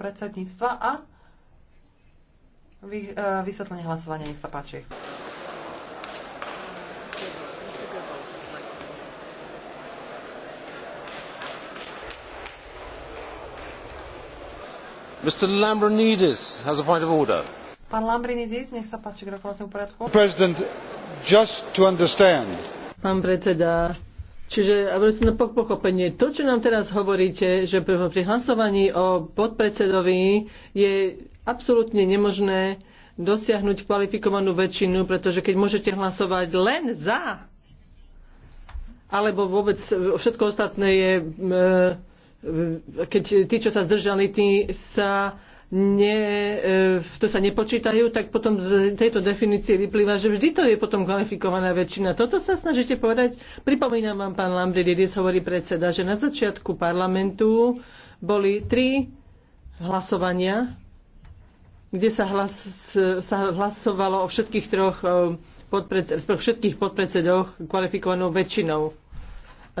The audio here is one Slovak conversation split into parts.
predsedníctva a vy, uh, vysvetlenie hlasovania, nech sa páči. Mr. Lambrinidis has a point of order. Pán Lambrinidis, nech sa páči k rokovaciemu poriadku. President, just to understand. Pán predseda, Čiže na pochopenie, to, čo nám teraz hovoríte, že pri hlasovaní o podpredsedovi je absolútne nemožné dosiahnuť kvalifikovanú väčšinu, pretože keď môžete hlasovať len za, alebo vôbec všetko ostatné je, e, keď tí, čo sa zdržali, tí sa ne, e, to sa nepočítajú, tak potom z tejto definície vyplýva, že vždy to je potom kvalifikovaná väčšina. Toto sa snažíte povedať? Pripomínam vám, pán Lambridis hovorí predseda, že na začiatku parlamentu boli tri hlasovania, kde sa, hlas, sa hlasovalo o všetkých troch e, všetkých podpredsedoch kvalifikovanou väčšinou.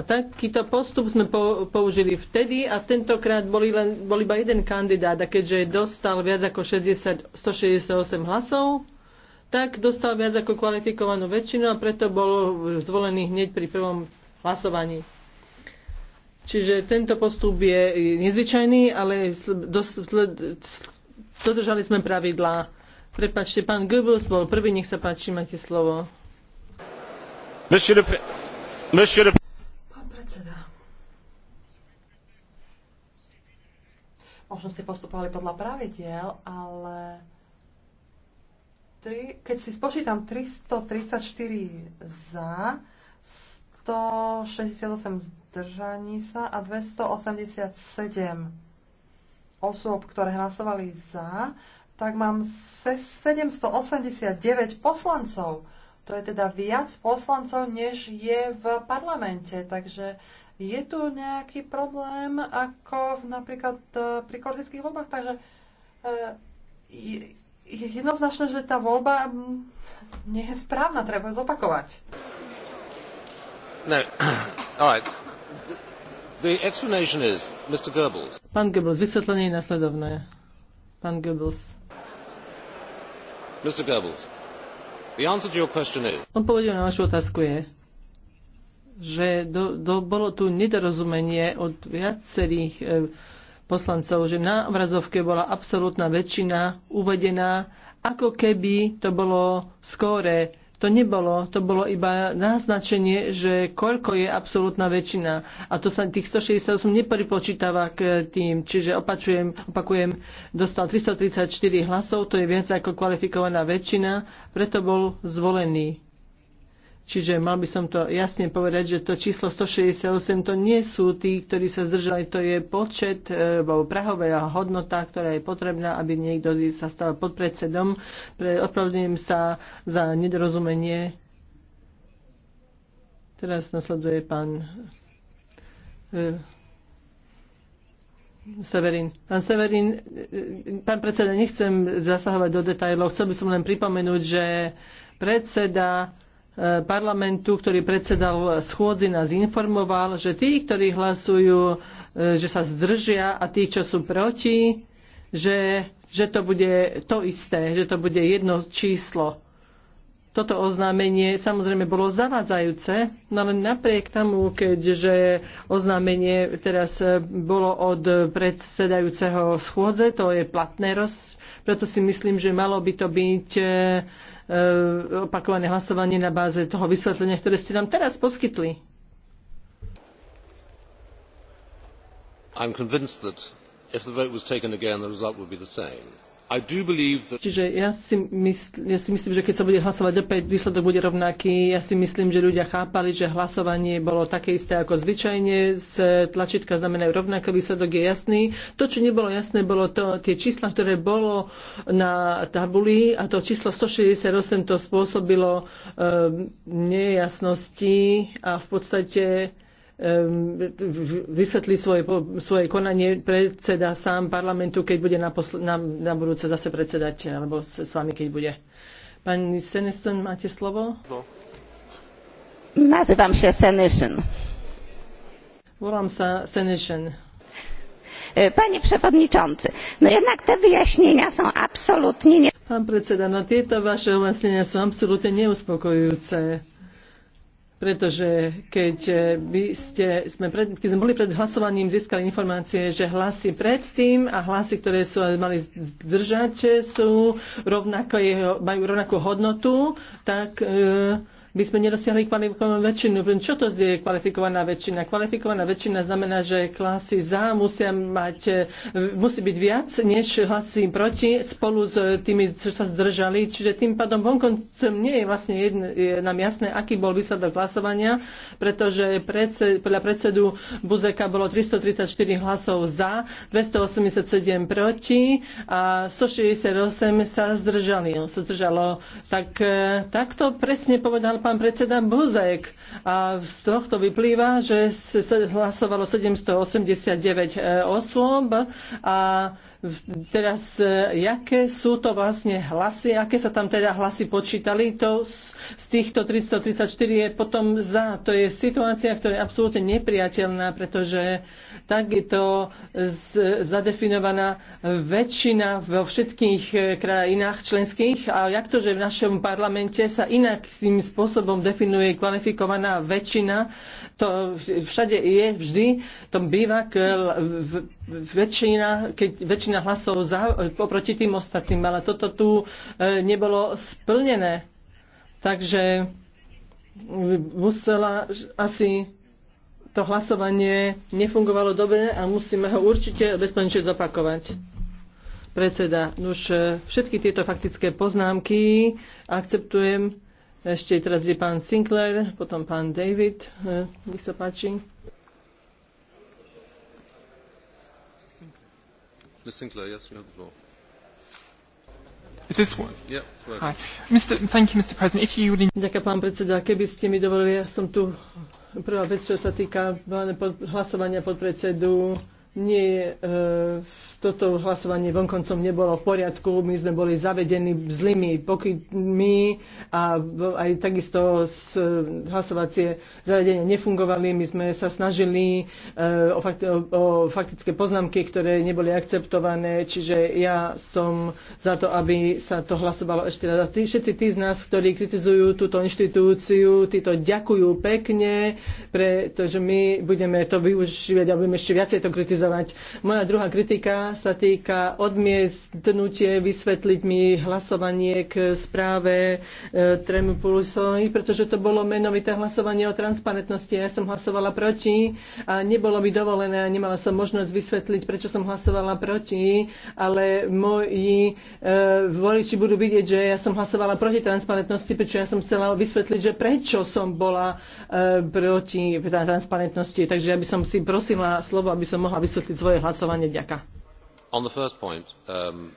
A takýto postup sme použili vtedy a tentokrát boli len, bol iba jeden kandidát a keďže dostal viac ako 60, 168 hlasov, tak dostal viac ako kvalifikovanú väčšinu a preto bol zvolený hneď pri prvom hlasovaní. Čiže tento postup je nezvyčajný, ale dodržali sme pravidlá. Prepačte, pán Goebbels bol prvý, nech sa páči, máte slovo. Monsieur le predseda. Možno ste postupovali podľa pravidiel, ale tri, keď si spočítam 334 za, 168 zdržaní sa a 287 osôb, ktoré hlasovali za, tak mám 789 poslancov. To je teda viac poslancov, než je v parlamente. Takže je tu nejaký problém, ako napríklad e, pri kordických voľbách. Takže e, je jednoznačné, že tá voľba nie je správna, treba ju zopakovať. No, all right. The explanation is, Mr. Goebbels. Pán Goebbels, vysvetlenie je nasledovné. Pán Goebbels. Mr. Goebbels. Odpovedou na vašu otázku je, že do, do, bolo tu nedorozumenie od viacerých e, poslancov, že na obrazovke bola absolútna väčšina uvedená, ako keby to bolo skóre to nebolo. To bolo iba naznačenie, že koľko je absolútna väčšina. A to sa tých 168 nepripočítava k tým. Čiže opačujem, opakujem, dostal 334 hlasov, to je viac ako kvalifikovaná väčšina, preto bol zvolený. Čiže mal by som to jasne povedať, že to číslo 168 to nie sú tí, ktorí sa zdržali, to je počet e, alebo prahová hodnota, ktorá je potrebná, aby niekto sa stal podpredsedom. Pre, opravdujem sa za nedorozumenie. Teraz nasleduje pán e, Severin. Pán Severin, e, e, pán predseda, nechcem zasahovať do detajlov. Chcel by som len pripomenúť, že predseda parlamentu, ktorý predsedal schôdzi, nás informoval, že tí, ktorí hlasujú, e, že sa zdržia a tí, čo sú proti, že, že to bude to isté, že to bude jedno číslo. Toto oznámenie samozrejme bolo zavádzajúce, no ale napriek tomu, keďže oznámenie teraz e, bolo od predsedajúceho schôdze, to je platné, roz, preto si myslím, že malo by to byť e, Eh, opakované hlasovanie na báze toho vysvetlenia, ktoré ste nám teraz poskytli. I'm convinced that if the vote was taken again, the result would be the same. Čiže ja si, mysl, ja si myslím, že keď sa bude hlasovať opäť, výsledok bude rovnaký. Ja si myslím, že ľudia chápali, že hlasovanie bolo také isté ako zvyčajne. Z tlačítka znamenajú rovnaké, výsledok je jasný. To, čo nebolo jasné, bolo to, tie čísla, ktoré bolo na tabuli a to číslo 168 to spôsobilo e, nejasnosti a v podstate Ehm, vysvetlí svoje, svoje konanie predseda sám parlamentu, keď bude na, posl- na, na budúce zase predsedať, alebo s s vami, keď bude. Pani Seneston, máte slovo? Nazývam sa Senešen. Volám sa Senešen. Panie przewodniczący, no jednak te wyjaśnienia są absolutnie nie... Pan predseda, no tieto vaše vlastnenia sú absolútne neuspokojujúce pretože keď, by eh, ste, sme pred, keď sme boli pred hlasovaním, získali informácie, že hlasy predtým a hlasy, ktoré sú mali zdržať, eh, sú rovnako, majú rovnakú hodnotu, tak e, by sme nedosiahli kvalifikovanú väčšinu. Čo to je kvalifikovaná väčšina? Kvalifikovaná väčšina znamená, že hlasy za musia mať, musí byť viac než hlasy proti spolu s tými, čo sa zdržali. Čiže tým pádom vonkoncem nie je vlastne jedn, je nám jasné, aký bol výsledok hlasovania, pretože predsed, podľa predsedu Buzeka bolo 334 hlasov za, 287 proti a 168 sa zdržali. Sa zdržalo. Tak, eh, takto presne povedal pán predseda Buzek. A z tohto vyplýva, že hlasovalo 789 e, osôb a teraz, e, aké sú to vlastne hlasy, aké sa tam teda hlasy počítali, to z týchto 334 je potom za. To je situácia, ktorá je absolútne nepriateľná, pretože tak je z, zadefinovaná väčšina vo všetkých eh, krajinách členských. A jak to, že v našom parlamente sa inakým spôsobom definuje kvalifikovaná väčšina, to všade je vždy, to býva eh, väčšina, keď väčšina hlasov za, oproti tým ostatným, ale toto tu eh, nebolo splnené. Takže musela asi to hlasovanie nefungovalo dobre a musíme ho určite bezpečne zopakovať. Predseda, už e, všetky tieto faktické poznámky akceptujem. Ešte teraz je pán Sinclair, potom pán David. E, nech sa páči. Mr. Sinclair, yes, you have the floor. Yeah, Mister, you, Ďakujem, pán predseda. Keby ste mi dovolili, ja som tu prvá vec, čo sa týka hlasovania podpredsedu. Nie je eh, e, toto hlasovanie vonkoncom nebolo v poriadku. My sme boli zavedení zlými pokynmi a aj takisto e, hlasovacie zariadenia nefungovali. My sme sa snažili e, o, faktické poznámky, ktoré neboli akceptované, čiže ja som za to, aby sa to hlasovalo ešte raz. Tí, všetci tí z nás, ktorí kritizujú túto inštitúciu, títo ďakujú pekne, pretože my budeme to využívať a budeme ešte viacej to kritizovať. Moja druhá kritika sa týka odmietnutie vysvetliť mi hlasovanie k správe e, Tremopulusovi, pretože to bolo menovité hlasovanie o transparentnosti. Ja som hlasovala proti a nebolo mi dovolené a nemala som možnosť vysvetliť, prečo som hlasovala proti, ale moji e, voliči budú vidieť, že ja som hlasovala proti transparentnosti, prečo ja som chcela vysvetliť, že prečo som bola e, proti transparentnosti. Takže ja by som si prosila slovo, aby som mohla vysvetliť svoje hlasovanie. Ďakujem on the first point um,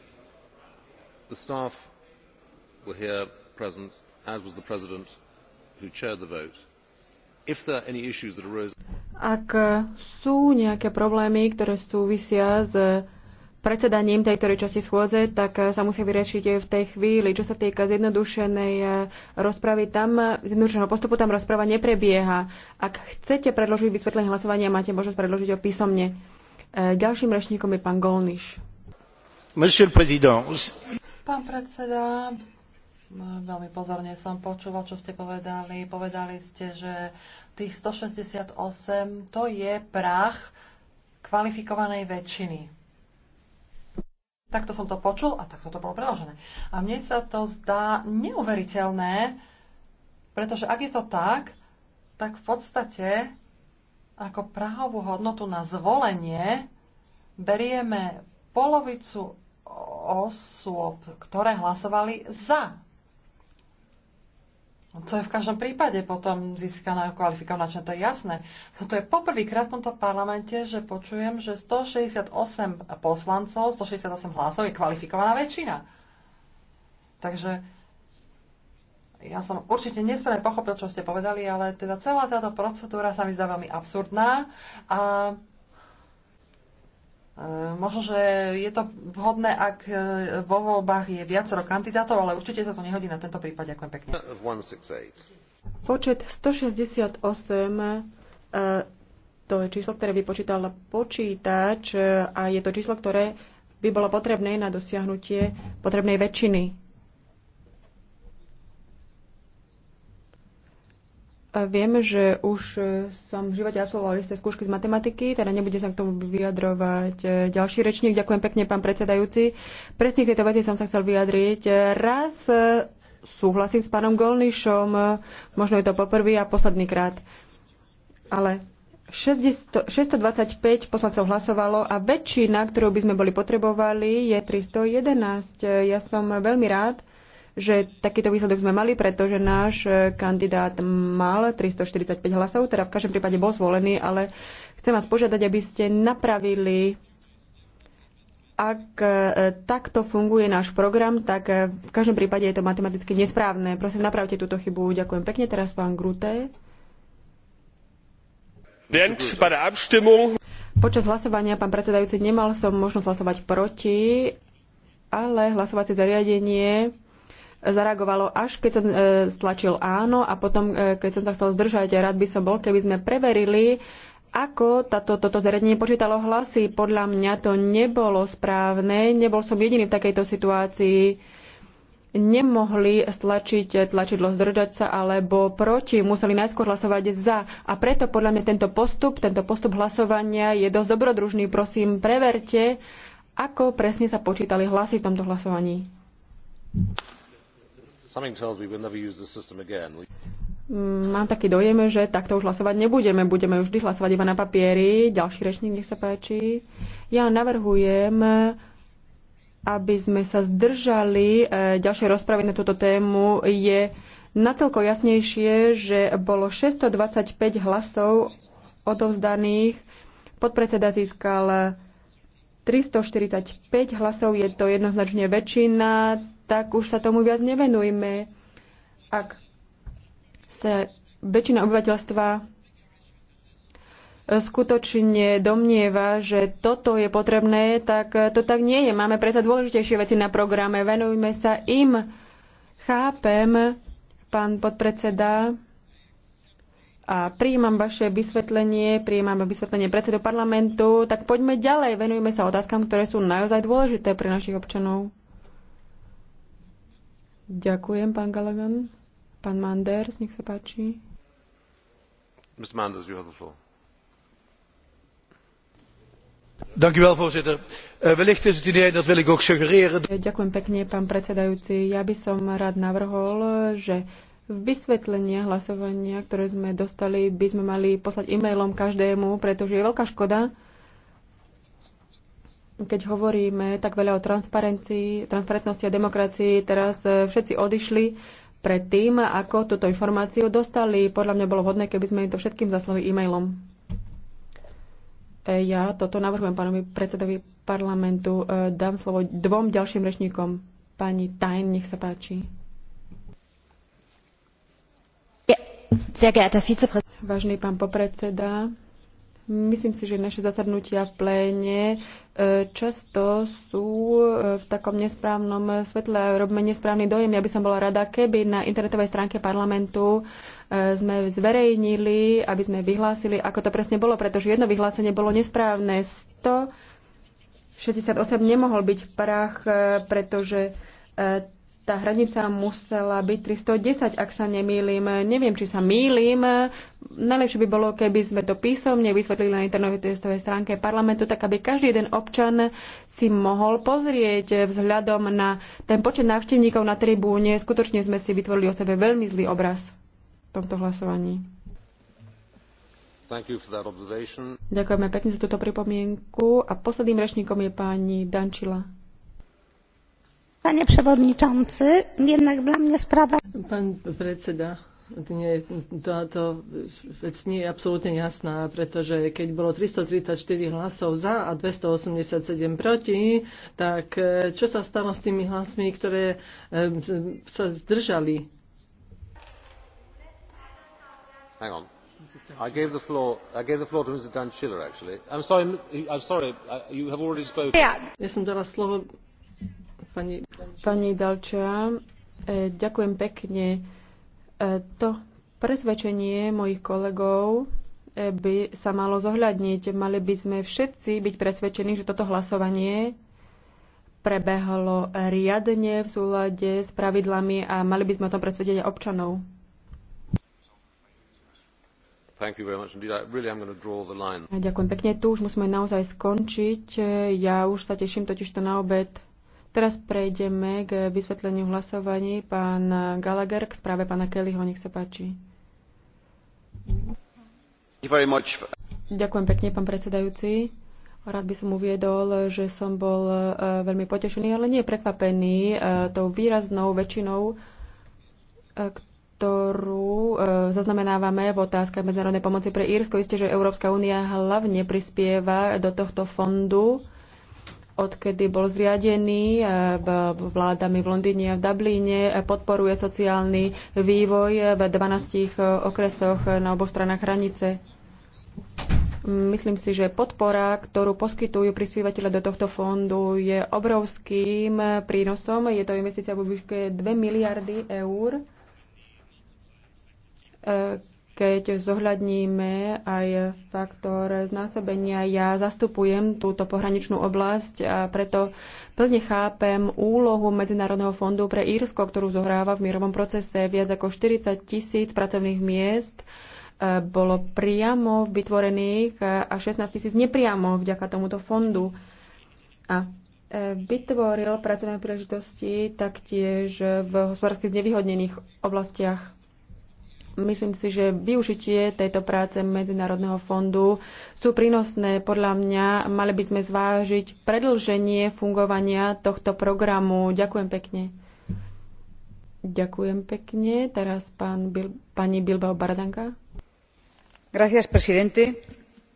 the staff were here present as was the president who chaired the vote if there are any issues that arose ak uh, sú nejaké problémy, ktoré súvisia s uh, predsedaním tejto časti schôdze, tak uh, sa musia vyriešiť v tej chvíli. Čo sa týka zjednodušenej rozpravy, tam zjednodušeného postupu tam rozprava neprebieha. Ak chcete predložiť vysvetlenie hlasovania, máte možnosť predložiť ho písomne. E, ďalším rečníkom je pán Golniš. Pán predseda, e, veľmi pozorne som počúval, čo ste povedali. Povedali ste, že tých 168 to je prach kvalifikovanej väčšiny. Takto som to počul a takto to bolo preložené. A mne sa to zdá neuveriteľné, pretože ak je to tak, tak v podstate ako prahovú hodnotu na zvolenie berieme polovicu osôb, ktoré hlasovali za. Co je v každom prípade potom získaná kvalifikovačná, to je jasné. Toto je poprvýkrát v tomto parlamente, že počujem, že 168 poslancov, 168 hlasov je kvalifikovaná väčšina. Takže ja som určite nesprávne pochopil, čo ste povedali, ale teda celá táto procedúra sa mi zdá veľmi absurdná a e, Možno, že je to vhodné, ak e, vo voľbách je viacero kandidátov, ale určite sa to nehodí na tento prípad. Ďakujem pekne. Počet 168 e, to je číslo, ktoré vypočítal počítač a je to číslo, ktoré by bolo potrebné na dosiahnutie potrebnej väčšiny Viem, že už e, som v živote absolvoval isté skúšky z matematiky, teda nebude sa k tomu vyjadrovať e, ďalší rečník. Ďakujem pekne, pán predsedajúci. Presne k tejto veci som sa chcel vyjadriť. E, raz súhlasím s pánom Golnišom, možno je to poprvý a posledný krát. Ale 625 poslancov hlasovalo a väčšina, ktorú by sme boli potrebovali, je 311. Ja som veľmi rád, že takýto výsledok sme mali, pretože náš e, kandidát mal 345 hlasov, teda v každom prípade bol zvolený, ale chcem vás požiadať, aby ste napravili ak e, takto funguje náš program, tak e, v každom prípade je to matematicky nesprávne. Prosím, napravte túto chybu. Ďakujem pekne. Teraz pán Grute. Počas hlasovania, pán predsedajúci, nemal som možnosť hlasovať proti, ale hlasovacie zariadenie zareagovalo až keď som e, stlačil áno a potom, e, keď som sa chcel zdržať, rád by som bol, keby sme preverili, ako táto, toto zariadenie počítalo hlasy. Podľa mňa to nebolo správne, nebol som jediný v takejto situácii. Nemohli stlačiť tlačidlo zdržať sa alebo proti, museli najskôr hlasovať za. A preto podľa mňa tento postup, tento postup hlasovania je dosť dobrodružný. Prosím, preverte, ako presne sa počítali hlasy v tomto hlasovaní. Mám taký dojem, že takto už hlasovať nebudeme. Budeme už vždy hlasovať iba na papieri. Ďalší rečník, nech sa páči. Ja navrhujem, aby sme sa zdržali e, ďalšej rozpravy na túto tému. Je nacelko jasnejšie, že bolo 625 hlasov odovzdaných. Podpredseda získal 345 hlasov, je to jednoznačne väčšina, tak už sa tomu viac nevenujme. Ak sa väčšina obyvateľstva skutočne domnieva, že toto je potrebné, tak to tak nie je. Máme predsa dôležitejšie veci na programe. Venujme sa im. Chápem, pán podpredseda, a prijímam vaše vysvetlenie, prijímam vysvetlenie predsedu parlamentu, tak poďme ďalej, venujme sa otázkam, ktoré sú naozaj dôležité pre našich občanov. Ďakujem, pán Galagan. Pán Manders, nech sa páči. Mr. Manders, you have the floor. Dank u wel, voorzitter. Uh, wellicht is het idee, dat wil ik ook suggereren. Ďakujem pekne, pán predsedajúci. Ja by som rád navrhol, že vysvetlenia hlasovania, ktoré sme dostali, by sme mali poslať e-mailom každému, pretože je veľká škoda, keď hovoríme tak veľa o transparencii, transparentnosti a demokracii, teraz e, všetci odišli pred tým, ako túto informáciu dostali. Podľa mňa bolo vhodné, keby sme im to všetkým zaslali e-mailom. E, ja toto navrhujem pánovi predsedovi parlamentu. E, dám slovo dvom ďalším rečníkom. Pani Tajn, nech sa páči. Vážny pán popredseda, myslím si, že naše zasadnutia v pléne často sú e, v takom nesprávnom svetle, robíme nesprávny dojem. Ja by som bola rada, keby na internetovej stránke parlamentu e, sme zverejnili, aby sme vyhlásili, ako to presne bolo, pretože jedno vyhlásenie bolo nesprávne. 168 nemohol byť prach, e, pretože tá hranica musela byť 310, ak sa nemýlim. Neviem, či sa mýlim. Najlepšie by bolo, keby sme to písomne vysvetlili na internetovej stránke parlamentu, tak aby každý jeden občan si mohol pozrieť vzhľadom na ten počet návštevníkov na tribúne. Skutočne sme si vytvorili o sebe veľmi zlý obraz v tomto hlasovaní. Ďakujeme pekne za túto pripomienku. A posledným rečníkom je pani Dančila. Panie przewodniczący, jednak dla mnie sprawa... Pan predseda, nie, táto vec nie je absolútne jasná, pretože keď bolo 334 hlasov za a 287 proti, tak e, čo sa stalo s tými hlasmi, ktoré e, sa zdržali? Hang on. I gave the floor, I gave the floor to Mr. Dan Schiller, actually. I'm sorry, I'm sorry, you have already spoken. Ja som dala slovo Pani, Pani Dalča, e, ďakujem pekne. E, to presvedčenie mojich kolegov e, by sa malo zohľadniť. Mali by sme všetci byť presvedčení, že toto hlasovanie prebehlo riadne v súlade s pravidlami a mali by sme o tom presvedčiť aj občanov. Really Ďakujem pekne. Tu už musíme naozaj skončiť. Ja už sa teším totiž to na obed. Teraz prejdeme k vysvetleniu hlasovaní pán Gallagher k správe pána Kellyho. Nech sa páči. Ďakujem pekne, pán predsedajúci. Rád by som uviedol, že som bol e, veľmi potešený, ale nie prekvapený e, tou výraznou väčšinou, e, ktorú zaznamenávame v otázkach medzinárodnej pomoci pre Írsko. Isté, že Európska únia hlavne prispieva do tohto fondu odkedy bol zriadený e, vládami v Londýne a v Dublíne, e, podporuje sociálny vývoj e, v 12 okresoch na oboch stranách hranice. Myslím si, že podpora, ktorú poskytujú prispívateľe do tohto fondu, je obrovským prínosom. Je to investícia vo výške 2 miliardy eur keď zohľadníme aj faktor znásobenia. Ja zastupujem túto pohraničnú oblasť a preto plne chápem úlohu Medzinárodného fondu pre Írsko, ktorú zohráva v mierovom procese. Viac ako 40 tisíc pracovných miest e, bolo priamo vytvorených a 16 tisíc nepriamo vďaka tomuto fondu. A e, vytvoril pracovné príležitosti taktiež v hospodársky znevýhodnených oblastiach Myslím si, že využitie tejto práce Medzinárodného fondu sú prínosné. Podľa mňa mali by sme zvážiť predlženie fungovania tohto programu. Ďakujem pekne. Ďakujem pekne. Teraz pán Bil- pani Bilbao Baradanka. Gracias, presidente.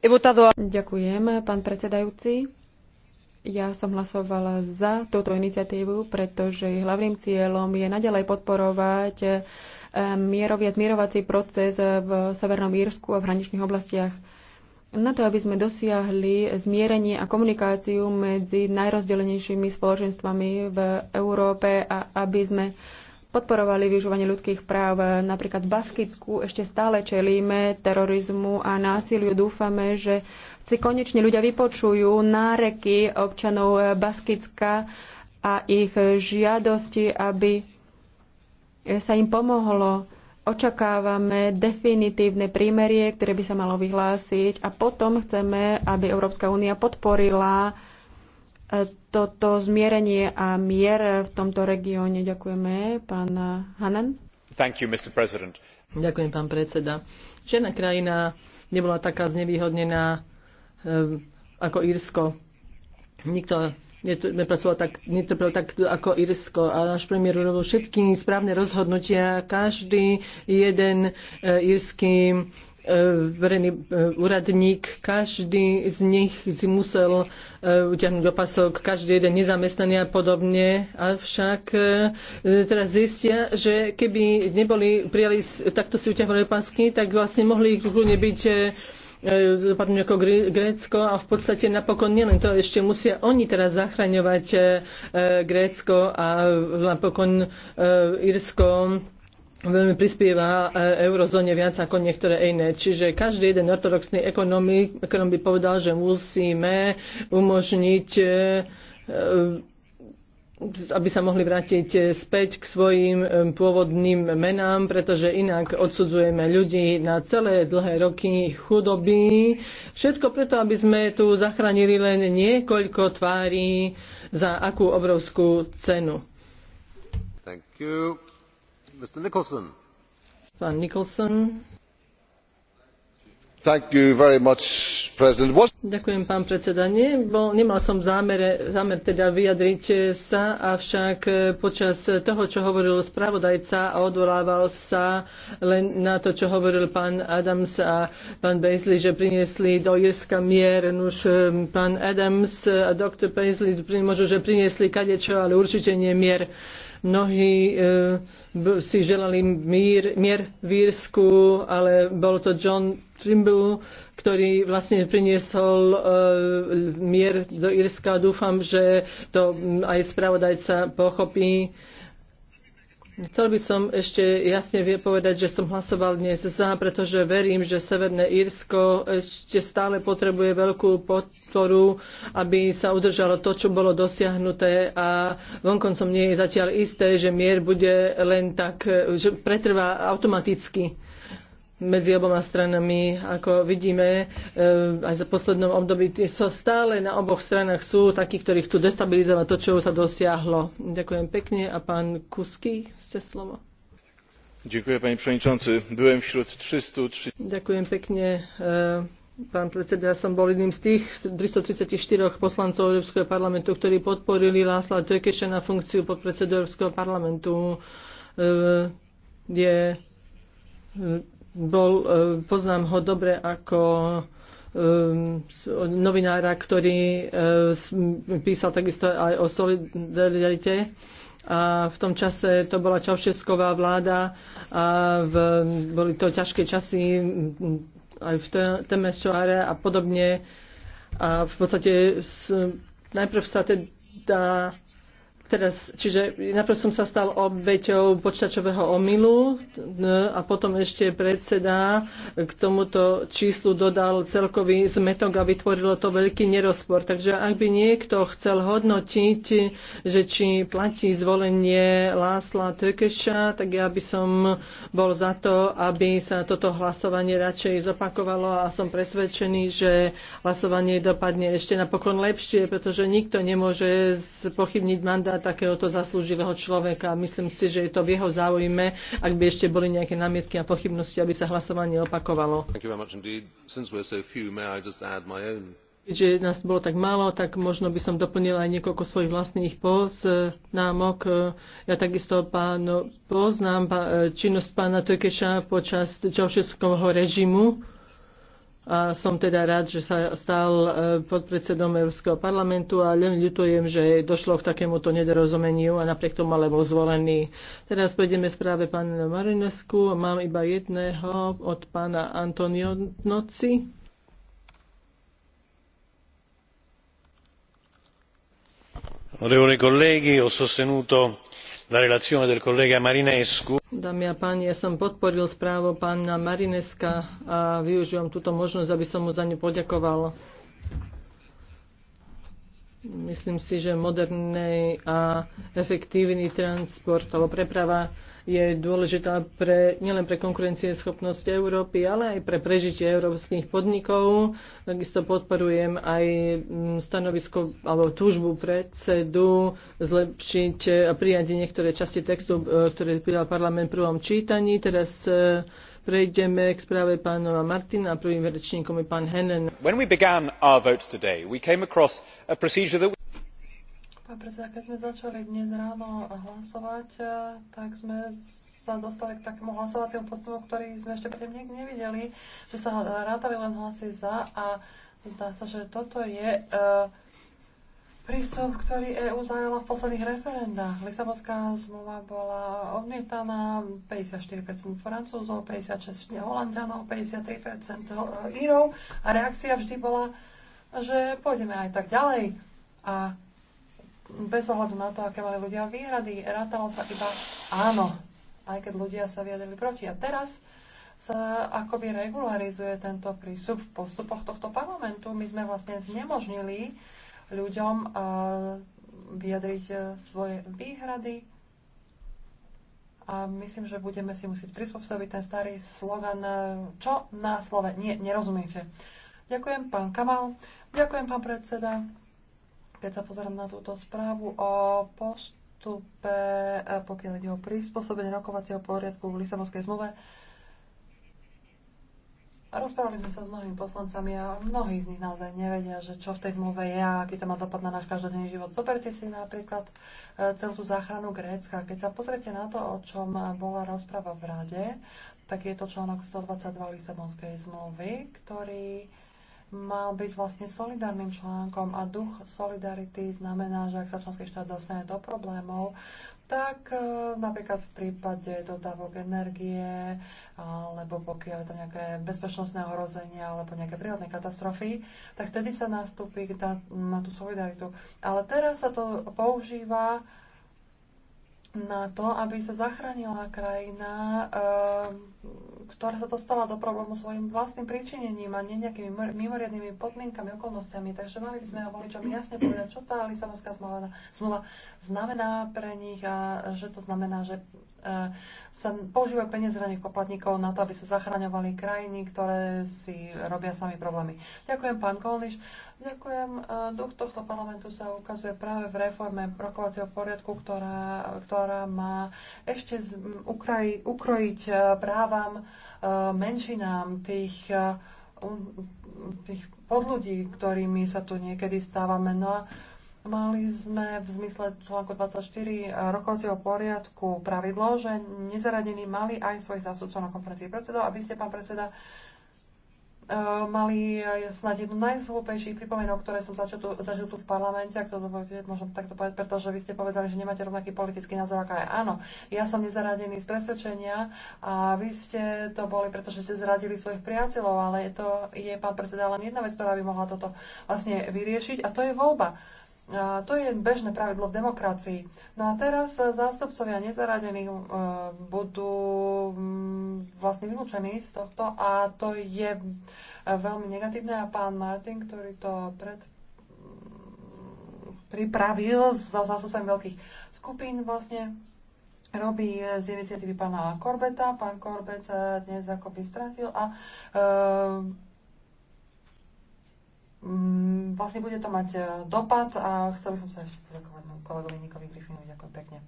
He votado a... Ďakujem, pán predsedajúci. Ja som hlasovala za túto iniciatívu, pretože jej hlavným cieľom je nadalej podporovať eh, mierový a zmierovací proces v Severnom Írsku a v hraničných oblastiach. Na to, aby sme dosiahli zmierenie a komunikáciu medzi najrozdelenejšími spoločenstvami v Európe a aby sme podporovali využívanie ľudských práv. Napríklad v Baskicku ešte stále čelíme terorizmu a násiliu. Dúfame, že si konečne ľudia vypočujú náreky občanov Baskicka a ich žiadosti, aby sa im pomohlo. Očakávame definitívne prímerie, ktoré by sa malo vyhlásiť a potom chceme, aby Európska únia podporila e, toto zmierenie a mier v tomto regióne. Ďakujeme, pán Hanan. Thank you, Mr. President. Ďakujem, pán predseda. Žiadna krajina nebola taká znevýhodnená Eh, ako Írsko. Nikto nepracoval tak, netrpel tak ako Irsko. A náš premiér urobil všetky správne rozhodnutia. Každý jeden eh, írsky eh, verejný úradník, každý z nich si musel utiahnuť opasok, každý jeden nezamestnaný a podobne. Avšak teraz zistia, že keby neboli prijali takto si utiahnuť opasky, tak vlastne mohli ich byť E, dopadnú ako Grécko a v podstate napokon nielen to, ešte musia oni teraz zachraňovať e, e, Grécko a napokon Irsko veľmi prispieva eurozóne viac ako niektoré iné. Čiže každý jeden ortodoxný ekonomik, ekonom by povedal, že musíme umožniť aby sa mohli vrátiť eh, späť k svojim eh, pôvodným menám, pretože inak odsudzujeme ľudí na celé dlhé roky chudoby. Všetko preto, aby sme tu zachránili len niekoľko tvári za akú obrovskú cenu. Thank you. Mr. Nicholson. Pán Nicholson. Ďakujem, pán predseda. Nebol, nemal som zámer, zámer teda vyjadriť sa, avšak e, počas toho, čo hovoril spravodajca a odvolával sa len na to, čo hovoril pán Adams a pán Paisley, že priniesli do Irska mier. Nuž e, pán Adams a doktor Paisley môžu, že priniesli kadečo, ale určite nie mier. Mnohí e, si želali mír, mier v Írsku, ale bol to John Trimble, ktorý vlastne priniesol e, mier do Írska. Dúfam, že to aj spravodajca pochopí. E, Chcel by som ešte jasne povedať, že som hlasoval dnes za, pretože verím, že Severné Írsko ešte stále potrebuje veľkú podporu, aby sa udržalo to, čo bolo dosiahnuté a vonkoncom nie je zatiaľ isté, že mier bude len tak, že pretrvá automaticky medzi oboma stranami, ako vidíme, e, aj za poslednom období so stále na oboch stranách sú takí, ktorí chcú destabilizovať to, čo sa dosiahlo. Ďakujem pekne a pán Kusky, ste slovo. Ďakujem, pani przewodniczący. Byłem wśród 303... Ďakujem pekne. E, pán predseda, ja som bol jedným z tých 334 poslancov Európskeho parlamentu, ktorí podporili Lásla Tökeša na funkciu podpredsedu Európskeho parlamentu. E, je bol, e, poznám ho dobre ako e, novinára, ktorý e, písal takisto aj o solidarite. A v tom čase to bola Čavšesková vláda a v, boli to ťažké časy aj v Temešoare a podobne. A v podstate s, najprv sa teda Teraz, čiže najprv som sa stal obeťou počtačového omylu a potom ešte predseda k tomuto číslu dodal celkový zmetok a vytvorilo to veľký nerozpor. Takže ak by niekto chcel hodnotiť, že či platí zvolenie Lásla Tökeša, tak ja by som bol za to, aby sa toto hlasovanie radšej zopakovalo a som presvedčený, že hlasovanie dopadne ešte napokon lepšie, pretože nikto nemôže pochybniť mandát takéhoto zaslúživého človeka. Myslím si, že je to v jeho záujme, ak by ešte boli nejaké námietky a pochybnosti, aby sa hlasovanie opakovalo. Keďže nás bolo tak málo, tak možno by som doplnila aj niekoľko svojich vlastných poznámok. Ja takisto pán, poznám činnosť pána Tökeša počas čaušeskového režimu a som teda rád, že sa stal e, podpredsedom Európskeho parlamentu a len ľutujem, že došlo k takémuto nedorozumeniu a napriek tomu ale bol zvolený. Teraz pôjdeme správe pána Marinesku. Mám iba jedného od pána Antonio Noci. Onorevoli colleghi, ho sostenuto Dámy a páni, ja som podporil správu pána Marineska a využívam túto možnosť, aby som mu za ňu poďakoval. Myslím si, že moderný a efektívny transport alebo preprava je dôležitá pre, nielen pre konkurencieschopnosť Európy, ale aj pre prežitie európskych podnikov. Takisto podporujem aj mm, stanovisko alebo túžbu predsedu zlepšiť a prijať niektoré časti textu, e, ktoré pridal parlament v prvom čítaní. Teraz e, Prejdeme k správe pána Martina a prvým rečníkom je pán Henen. When we began our votes today, we came across a procedure that Pán predseda, keď sme začali dnes ráno hlasovať, eh, tak sme sa dostali k takému hlasovaciemu postupu, ktorý sme ešte predtým nikdy nevideli, že sa rátali len hlasy za a zdá sa, že toto je uh, prístup, ktorý EÚ zajala v posledných referendách. Lisabonská zmluva bola odmietaná 54% Francúzov, 56% Holandianov, 53% eh, Írov a reakcia vždy bola, že pôjdeme aj tak ďalej. A bez ohľadu na to, aké mali ľudia výhrady, rátalo sa iba áno, aj keď ľudia sa vyjadrili proti. A teraz sa akoby regularizuje tento prístup v postupoch tohto parlamentu. My sme vlastne znemožnili ľuďom vyjadriť e, svoje výhrady a myslím, že budeme si musieť prispôsobiť ten starý slogan e, čo na slove. Nie, nerozumiete. Ďakujem, pán Kamal. Ďakujem, pán predseda. Keď sa pozerám na túto správu o postupe, e, pokiaľ ide o prispôsobenie rokovacieho poriadku v Lisabonskej zmluve, rozprávali sme sa s mnohými poslancami a mnohí z nich naozaj nevedia, že čo v tej zmluve je a aký to má dopad na náš každodenný život. Zoberte si napríklad e, celú tú záchranu Grécka. Keď sa pozriete na to, o čom bola rozpráva v Rade, tak je to článok 122 Lisabonskej zmluvy, ktorý mal byť vlastne solidárnym článkom a duch solidarity znamená, že ak sa členský štát dostane do problémov, tak e, napríklad v prípade dodávok energie, alebo pokiaľ je tam nejaké bezpečnostné ohrozenie alebo nejaké prírodné katastrofy, tak vtedy sa nastúpi na, na tú solidaritu. Ale teraz sa to používa na to, aby sa zachránila krajina, eh, ktorá sa dostala do problému svojim vlastným príčinením a nie nejakými mimoriadnými podmienkami, okolnostiami. Takže mali by sme a voličom jasne povedať, čo tá Lisabonská zmluva, zmluva znamená pre nich a že to znamená, že eh, sa používajú peniaze daných poplatníkov na to, aby sa zachraňovali krajiny, ktoré si robia sami problémy. Ďakujem, pán Kolniš. Ďakujem. E, Duch tohto parlamentu sa ukazuje práve v reforme rokovacieho poriadku, ktorá, ktorá má ešte z, ukraj, ukrojiť e, právam e, menšinám tých, tých podľudí, ktorými sa tu niekedy stávame. No a Mali sme v zmysle článku 24 rokovacieho poriadku pravidlo, že nezaradení mali aj svojich zástupcov na konferencii predsedov. A vy ste, pán predseda, Eh, mali eh, snáď jednu najzhlúpejších pripomienok, ktoré som začal tu, zažil tu v parlamente, ak to môžem takto povedať, pretože vy ste povedali, že nemáte rovnaký politický názor ako aj áno. Ja som nezaradený z presvedčenia a vy ste to boli, pretože ste zradili svojich priateľov, ale to je, pán predseda, len jedna vec, ktorá by mohla toto vlastne vyriešiť a to je voľba a to je bežné pravidlo v demokracii. No a teraz zástupcovia nezaradených e, budú mm, vlastne vylúčení z tohto a to je e, veľmi negatívne a pán Martin, ktorý to pred mm, pripravil so zástupcami veľkých skupín vlastne robí z iniciatívy pána Korbeta. Pán Korbet sa e, dnes akoby stratil a Mm, vlastne bude to mať e, dopad a chcel by som sa ešte poďakovať môjmu kolegovi Nikovi Griffinovi. Ďakujem pekne.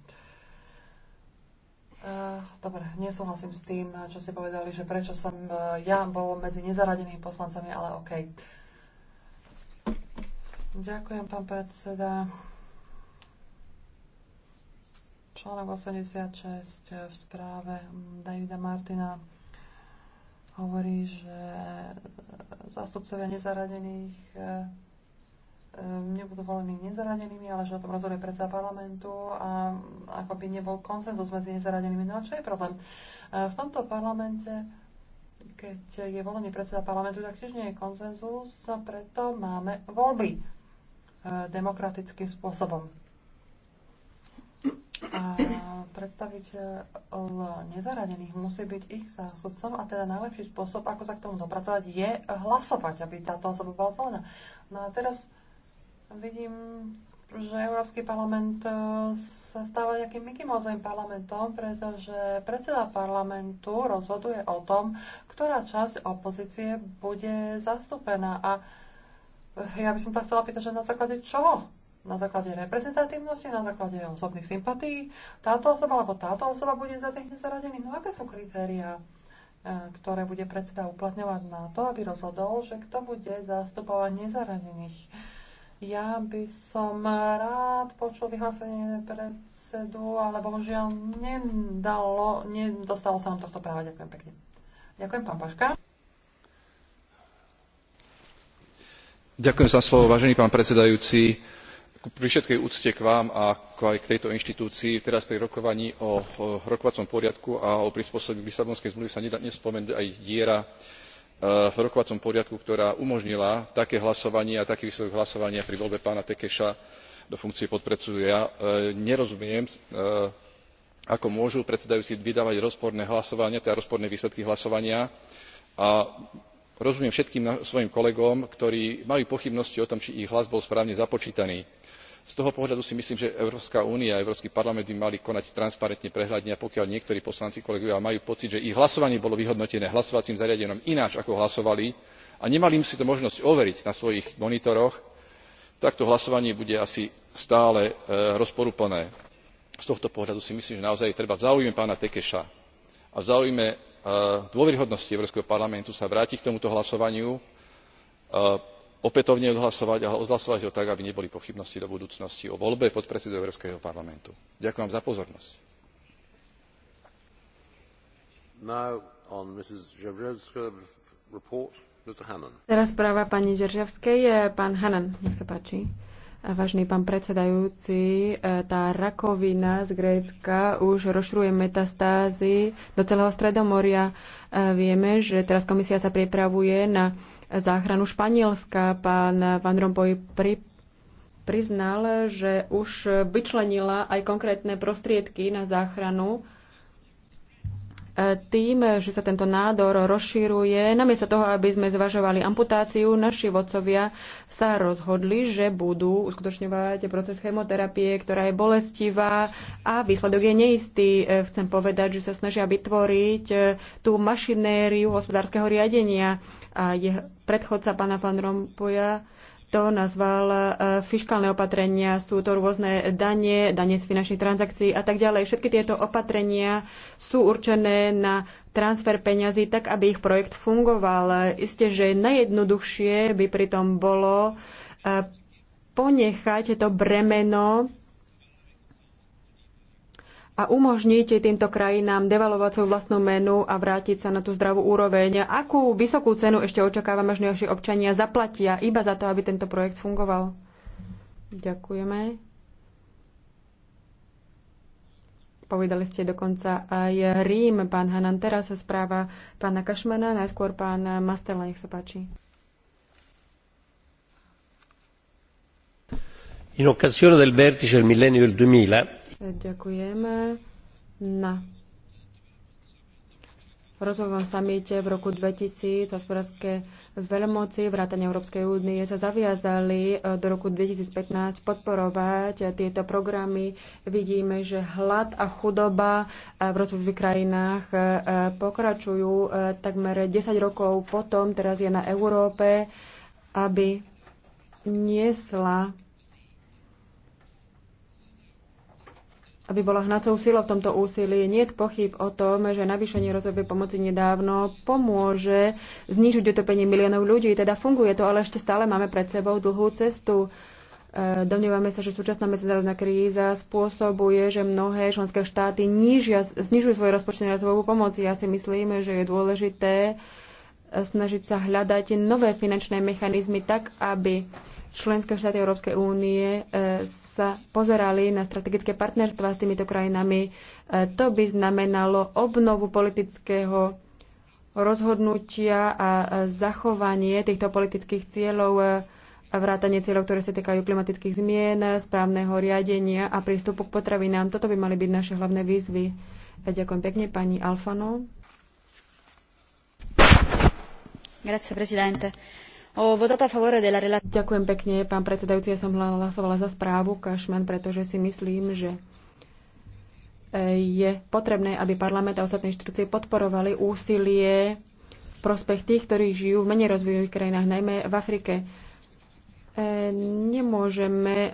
E, dobre, nesúhlasím s tým, čo ste povedali, že prečo som e, ja bol medzi nezaradenými poslancami, ale OK. Ďakujem, pán predseda. Článok 86 v správe mm, Davida Martina hovorí, že zástupcovia nezaradených e, e, nebudú volení nezaradenými, ale že o tom rozhoduje predsa parlamentu a ako by nebol konsenzus medzi nezaradenými. No a čo je problém? E, v tomto parlamente, keď je volený predseda parlamentu, tak tiež nie je konsenzus, preto máme voľby demokratickým spôsobom a predstaviteľ nezaradených musí byť ich zástupcom a teda najlepší spôsob, ako sa k tomu dopracovať, je hlasovať, aby táto osoba bola zvolená. No a teraz vidím, že Európsky parlament e, sa stáva nejakým Mickeymousovým parlamentom, pretože predseda parlamentu rozhoduje o tom, ktorá časť opozície bude zastúpená. A ja by som tak chcela pýtať, že na základe čoho? na základe reprezentatívnosti, na základe osobných sympatí. Táto osoba alebo táto osoba bude za tých nezaradených. No aké sú kritéria, e, ktoré bude predseda uplatňovať na to, aby rozhodol, že kto bude zastupovať nezaradených? Ja by som rád počul vyhlásenie predsedu, ale bohužiaľ nedalo, nedostalo sa nám tohto práva. Ďakujem pekne. Ďakujem, pán Paška. Ďakujem za slovo, vážený pán predsedajúci pri všetkej úcte k vám ako aj k tejto inštitúcii teraz pri rokovaní o rokovacom poriadku a o prispôsobení lisabonskej zmluvy sa nedá nespomenúť aj diera e, v rokovacom poriadku ktorá umožnila také hlasovanie a taký výsledok hlasovania pri voľbe pána tkésa do funkcie podpredsedu. ja e, nerozumiem e, ako môžu predsedajúci vydávať rozporné hlasovania teda rozporné výsledky hlasovania a rozumiem všetkým svojim kolegom ktorí majú pochybnosti o tom či ich hlas bol správne započítaný. z toho pohľadu si myslím že európska únia európsky parlament by mali konať transparentne prehľadne a pokiaľ niektorí poslanci kolegovia majú pocit že ich hlasovanie bolo vyhodnotené hlasovacím zariadením ináč ako hlasovali a nemali si to možnosť overiť na svojich monitoroch tak to hlasovanie bude asi stále e, rozporuplné. z tohto pohľadu si myslím že naozaj treba v záujme pána tkésa a v záujme E, dôveryhodnosti európskeho parlamentu sa vráti k tomuto hlasovaniu e, opätovne odhlasovať a odhlasovať ho tak aby neboli pochybnosti do budúcnosti o voľbe podpredsedu európskeho parlamentu. ďakujem vám za pozornosť. Teraz pani e, Pán Vážený pán predsedajúci, e, tá rakovina z Grécka už rozšruje metastázy do celého Stredomoria. E, vieme, že teraz komisia sa pripravuje na záchranu Španielska. Pán Van Rompuy pri, priznal, že už vyčlenila aj konkrétne prostriedky na záchranu tým, že sa tento nádor rozšíruje, namiesto toho, aby sme zvažovali amputáciu, naši vodcovia sa rozhodli, že budú uskutočňovať proces chemoterapie, ktorá je bolestivá a výsledok je neistý. Chcem povedať, že sa snažia vytvoriť eh, tú mašinériu hospodárskeho riadenia a je predchodca pána pán Rompuja to nazval e, fiskálne opatrenia, sú to rôzne dane, dane z finančných transakcií a tak ďalej. Všetky tieto opatrenia sú určené na transfer peňazí tak, aby ich projekt fungoval. Isté, že najjednoduchšie by pritom bolo e, ponechať to bremeno a umožniť týmto krajinám devalovať svoju vlastnú menu a vrátiť sa na tú zdravú úroveň. Akú vysokú cenu ešte očakávame, že naši občania zaplatia iba za to, aby tento projekt fungoval? Ďakujeme. Povedali ste dokonca aj Rím, pán Hanan. Teraz sa správa pána Kašmana, najskôr pán Mastela, nech sa páči. In occasione del vertice del millennio e del 2000 Ďakujeme. Na rozhovorom samite v roku 2000 hospodárske veľmoci vrátane Európskej únie sa zaviazali eh, do roku 2015 podporovať eh, tieto programy. Vidíme, že hlad a chudoba eh, v rozvojových krajinách pokračujú takmer 10 rokov potom, teraz je na Európe, aby niesla aby bola hnacou silou v tomto úsilí. Nie je pochyb o tom, že navýšenie rozvojovej pomoci nedávno pomôže znižiť utopenie miliónov ľudí. Teda funguje to, ale ešte stále máme pred sebou dlhú cestu. E, domnievame sa, že súčasná medzinárodná kríza spôsobuje, že mnohé členské štáty nižia, znižujú svoje rozpočty na rozvojovú pomoc. Ja si myslím, že je dôležité e, snažiť sa hľadať nové finančné mechanizmy tak, aby členské štáty Európskej únie e, sa pozerali na strategické partnerstva s týmito krajinami. E, to by znamenalo obnovu politického rozhodnutia a e, zachovanie týchto politických cieľov, vrátanie cieľov, ktoré sa týkajú klimatických zmien, správneho riadenia a prístupu k potravinám. Toto by mali byť naše hlavné výzvy. Ďakujem pekne pani Alfano. Grazie, presidente. Ďakujem pekne, pán predsedajúci. Ja som hlasovala za správu Kašman, pretože si myslím, že e, je potrebné, aby parlament a ostatné inštitúcie podporovali úsilie v prospech tých, ktorí žijú v menej rozvojových krajinách, najmä v Afrike. E, nemôžeme e,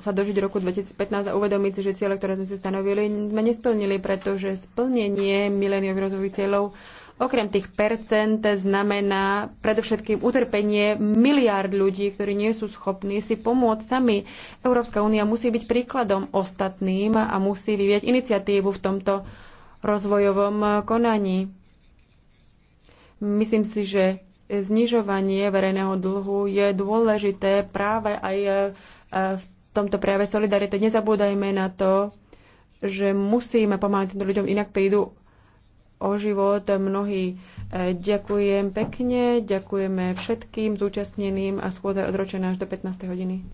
sa dožiť roku 2015 a uvedomiť si, že ciele, ktoré sme si stanovili, sme nesplnili, pretože splnenie mileniových rozvojových cieľov Okrem tých percent znamená predovšetkým utrpenie miliárd ľudí, ktorí nie sú schopní si pomôcť sami. Európska únia musí byť príkladom ostatným a musí vyvieť iniciatívu v tomto rozvojovom konaní. Myslím si, že znižovanie verejného dlhu je dôležité práve aj e, v tomto prejave solidarity. Nezabúdajme na to, že musíme pomáhať týmto ľuďom, inak prídu o život mnohí. E, ďakujem pekne, ďakujeme všetkým zúčastneným a schôdza je odročená až do 15. hodiny.